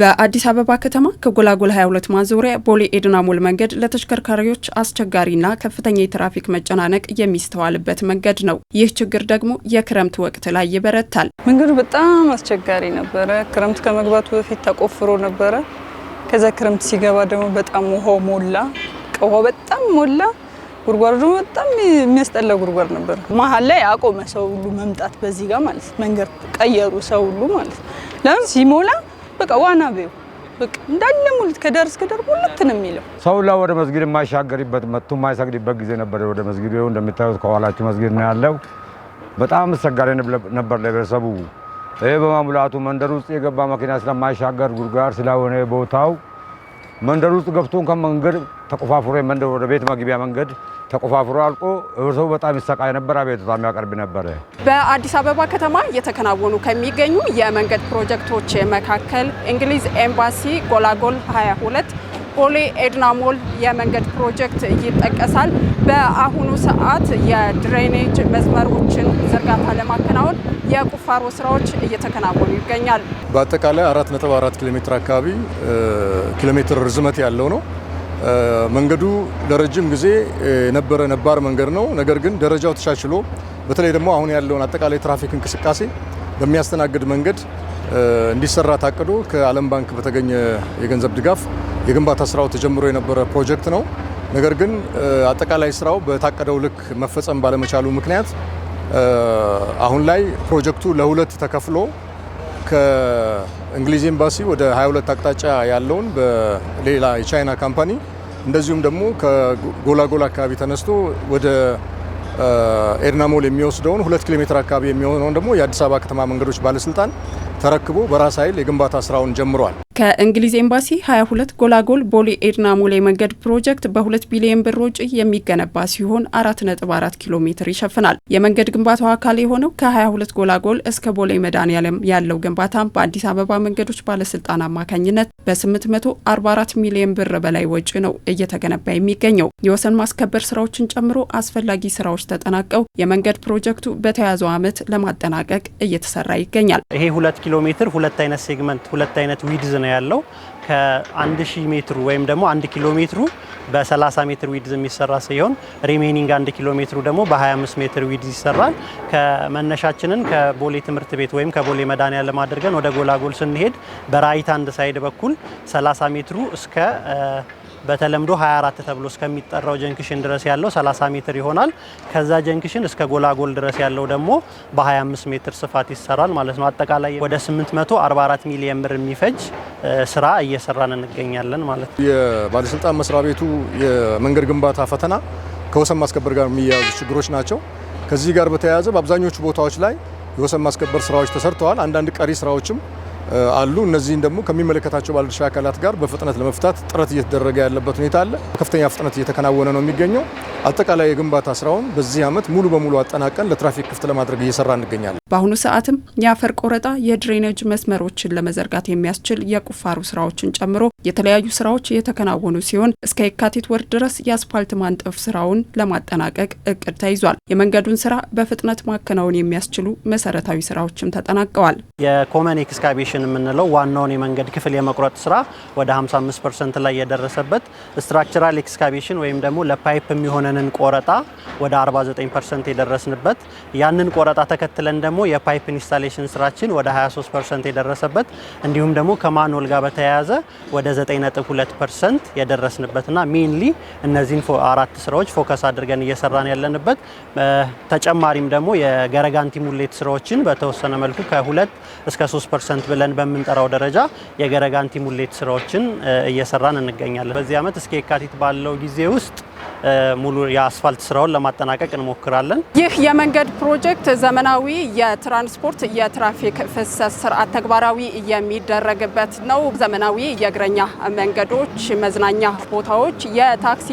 በአዲስ አበባ ከተማ ከጎላጎል 22 ማዞሪያ ቦሌ ኤድና ሞል መንገድ ለተሽከርካሪዎች አስቸጋሪና ከፍተኛ የትራፊክ መጨናነቅ የሚስተዋልበት መንገድ ነው። ይህ ችግር ደግሞ የክረምት ወቅት ላይ ይበረታል። መንገዱ በጣም አስቸጋሪ ነበረ። ክረምት ከመግባቱ በፊት ተቆፍሮ ነበረ። ከዛ ክረምት ሲገባ ደግሞ በጣም ውሃው ሞላ፣ ቀውሃው በጣም ሞላ። ጉድጓዱ ደግሞ በጣም የሚያስጠላ ጉድጓድ ነበር። መሀል ላይ አቆመ ሰው ሁሉ መምጣት። በዚህ ጋር ማለት መንገድ ቀየሩ ሰው ሁሉ ማለት ለምን ሲሞላ በቃ ዋና ቤው በቃ እንዳለ ሙልት ከዳር እስከ ዳር ሙልት ነው የሚለው። ሰው ወደ መስጊድ የማይሻገርበት መጥቶ የማይሰግድበት ጊዜ ነበር። ወደ መስጊዱ ይኸው እንደሚታዩት ከኋላችሁ መስጊድ ነው ያለው። በጣም አስቸጋሪ ነበር ለቤተሰቡ። ይህ በማሙላቱ መንደር ውስጥ የገባ መኪና ስለማይሻገር ጉድጓድ ስለሆነ ቦታው መንደር ውስጥ ገብቶ እንኳን መንገድ ተቆፋፍሮ የመንደር ወደ ቤት መግቢያ መንገድ ተቆፋፍሮ አልቆ ህብረተሰቡ በጣም ይሰቃይ ነበር፣ አቤቱታ የሚያቀርብ ነበረ። በአዲስ አበባ ከተማ እየተከናወኑ ከሚገኙ የመንገድ ፕሮጀክቶች መካከል እንግሊዝ ኤምባሲ ጎላጎል 22 ቦሌ ኤድናሞል የመንገድ ፕሮጀክት ይጠቀሳል። በአሁኑ ሰዓት የድሬኔጅ መስመሮችን ዝርጋታ ለማከናወን የቁፋሮ ስራዎች እየተከናወኑ ይገኛል። በአጠቃላይ 4.4 ኪሎ ሜትር አካባቢ ኪሎ ሜትር ርዝመት ያለው ነው። መንገዱ ለረጅም ጊዜ የነበረ ነባር መንገድ ነው። ነገር ግን ደረጃው ተሻሽሎ በተለይ ደግሞ አሁን ያለውን አጠቃላይ ትራፊክ እንቅስቃሴ በሚያስተናግድ መንገድ እንዲሰራ ታቅዶ ከዓለም ባንክ በተገኘ የገንዘብ ድጋፍ የግንባታ ስራው ተጀምሮ የነበረ ፕሮጀክት ነው። ነገር ግን አጠቃላይ ስራው በታቀደው ልክ መፈጸም ባለመቻሉ ምክንያት አሁን ላይ ፕሮጀክቱ ለሁለት ተከፍሎ ከእንግሊዝ ኤምባሲ ወደ 22 አቅጣጫ ያለውን በሌላ የቻይና ካምፓኒ እንደዚሁም ደግሞ ከጎላጎላ አካባቢ ተነስቶ ወደ ኤድናሞል የሚወስደውን ሁለት ኪሎ ሜትር አካባቢ የሚሆነውን ደግሞ የአዲስ አበባ ከተማ መንገዶች ባለስልጣን ተረክቦ በራስ ኃይል የግንባታ ስራውን ጀምሯል። ከእንግሊዝ ኤምባሲ 22 ጎላጎል ቦሌ ኤድና ሞሌ መንገድ ፕሮጀክት በ2 ቢሊዮን ብር ወጪ የሚገነባ ሲሆን 4.4 ኪሎ ሜትር ይሸፍናል። የመንገድ ግንባታው አካል የሆነው ከ22 ጎላጎል እስከ ቦሌ መድኃኔዓለም ያለው ግንባታ በአዲስ አበባ መንገዶች ባለስልጣን አማካኝነት በ844 ሚሊዮን ብር በላይ ወጪ ነው እየተገነባ የሚገኘው። የወሰን ማስከበር ስራዎችን ጨምሮ አስፈላጊ ስራዎች ተጠናቀው የመንገድ ፕሮጀክቱ በተያዘው ዓመት ለማጠናቀቅ እየተሰራ ይገኛል። ይሄ 2 ኪሎ ሜትር ሁለት አይነት ሴግመንት ሁለት አይነት ዊድዝ ነው ያለው። ከ1000 ሜትሩ ወይም ደግሞ 1 ኪሎ ሜትሩ በ30 ሜትር ዊድዝ የሚሰራ ሲሆን ሪሜኒንግ 1 ኪሎ ሜትሩ ደግሞ በ25 ሜትር ዊድዝ ይሰራል። ከመነሻችንን ከቦሌ ትምህርት ቤት ወይም ከቦሌ መድኃኔዓለም አድርገን ወደ ጎላጎል ስንሄድ በራይት አንድ ሳይድ በኩል 30 ሜትሩ እስከ በተለምዶ 24 ተብሎ እስከሚጠራው ጀንክሽን ድረስ ያለው 30 ሜትር ይሆናል። ከዛ ጀንክሽን እስከ ጎላጎል ድረስ ያለው ደግሞ በ25 ሜትር ስፋት ይሰራል ማለት ነው። አጠቃላይ ወደ 844 ሚሊየን ብር የሚፈጅ ስራ እየሰራን እንገኛለን ማለት ነው። የባለስልጣን መስሪያ ቤቱ የመንገድ ግንባታ ፈተና ከወሰን ማስከበር ጋር የሚያያዙ ችግሮች ናቸው። ከዚህ ጋር በተያያዘ በአብዛኞቹ ቦታዎች ላይ የወሰን ማስከበር ስራዎች ተሰርተዋል። አንዳንድ ቀሪ ስራዎችም አሉ። እነዚህን ደግሞ ከሚመለከታቸው ባለድርሻ አካላት ጋር በፍጥነት ለመፍታት ጥረት እየተደረገ ያለበት ሁኔታ አለ። ከፍተኛ ፍጥነት እየተከናወነ ነው የሚገኘው። አጠቃላይ የግንባታ ስራውን በዚህ ዓመት ሙሉ በሙሉ አጠናቀን ለትራፊክ ክፍት ለማድረግ እየሰራ እንገኛለን። በአሁኑ ሰዓትም የአፈር ቆረጣ፣ የድሬነጅ መስመሮችን ለመዘርጋት የሚያስችል የቁፋሩ ስራዎችን ጨምሮ የተለያዩ ስራዎች የተከናወኑ ሲሆን እስከ የካቲት ወር ድረስ የአስፋልት ማንጠፍ ስራውን ለማጠናቀቅ እቅድ ተይዟል። የመንገዱን ስራ በፍጥነት ማከናወን የሚያስችሉ መሰረታዊ ስራዎችም ተጠናቀዋል። የኮመን ኤክስካቬሽን ዲቪዬሽን የምንለው ዋናውን የመንገድ ክፍል የመቁረጥ ስራ ወደ 55 ፐርሰንት ላይ የደረሰበት ስትራክቸራል ኤክስካቬሽን ወይም ደግሞ ለፓይፕ የሚሆነንን ቆረጣ ወደ 49 ፐርሰንት የደረስንበት ያንን ቆረጣ ተከትለን ደግሞ የፓይፕ ኢንስታሌሽን ስራችን ወደ 23 ፐርሰንት የደረሰበት እንዲሁም ደግሞ ከማኖል ጋር በተያያዘ ወደ 9.2 ፐርሰንት የደረስንበትና ሜንሊ እነዚህን አራት ስራዎች ፎከስ አድርገን እየሰራን ያለንበት ተጨማሪም ደግሞ የገረጋንቲ ሙሌት ስራዎችን በተወሰነ መልኩ ከሁለት እስከ 3 ፐርሰንት ብለን ብለን በምንጠራው ደረጃ የገረጋንቲ ሙሌት ስራዎችን እየሰራን እንገኛለን። በዚህ ዓመት እስከ የካቲት ባለው ጊዜ ውስጥ ሙሉ የአስፋልት ስራውን ለማጠናቀቅ እንሞክራለን። ይህ የመንገድ ፕሮጀክት ዘመናዊ የትራንስፖርት የትራፊክ ፍሰት ስርዓት ተግባራዊ የሚደረግበት ነው። ዘመናዊ የእግረኛ መንገዶች፣ መዝናኛ ቦታዎች፣ የታክሲ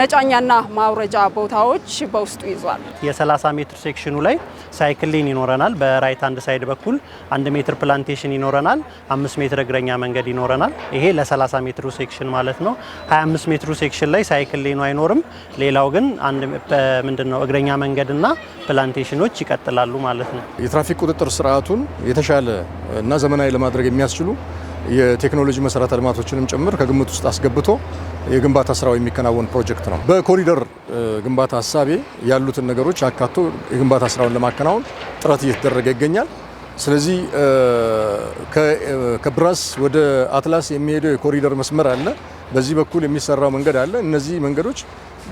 መጫኛና ማውረጃ ቦታዎች በውስጡ ይዟል። የ30 ሜትር ሴክሽኑ ላይ ሳይክል ሌን ይኖረናል። በራይት አንድ ሳይድ በኩል አንድ ሜትር ፕላንቴሽን ይኖረናል። አምስት ሜትር እግረኛ መንገድ ይኖረናል። ይሄ ለ30 ሜትሩ ሴክሽን ማለት ነው። 25 ሜትሩ ሴክሽን ላይ ሳይክል ሌኑ አይኖርም። ሌላው ግን አንድ ምንድን ነው እግረኛ መንገድና ፕላንቴሽኖች ይቀጥላሉ ማለት ነው። የትራፊክ ቁጥጥር ስርዓቱን የተሻለ እና ዘመናዊ ለማድረግ የሚያስችሉ የቴክኖሎጂ መሰረተ ልማቶችንም ጭምር ከግምት ውስጥ አስገብቶ የግንባታ ስራው የሚከናወን ፕሮጀክት ነው። በኮሪደር ግንባታ ሀሳቤ ያሉትን ነገሮች አካቶ የግንባታ ስራውን ለማከናወን ጥረት እየተደረገ ይገኛል። ስለዚህ ከብራስ ወደ አትላስ የሚሄደው የኮሪደር መስመር አለ። በዚህ በኩል የሚሰራው መንገድ አለ። እነዚህ መንገዶች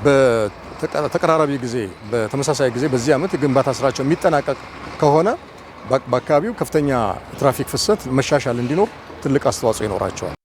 በተቀራራቢ ጊዜ በተመሳሳይ ጊዜ በዚህ ዓመት የግንባታ ስራቸው የሚጠናቀቅ ከሆነ በአካባቢው ከፍተኛ ትራፊክ ፍሰት መሻሻል እንዲኖር ትልቅ አስተዋጽኦ ይኖራቸዋል።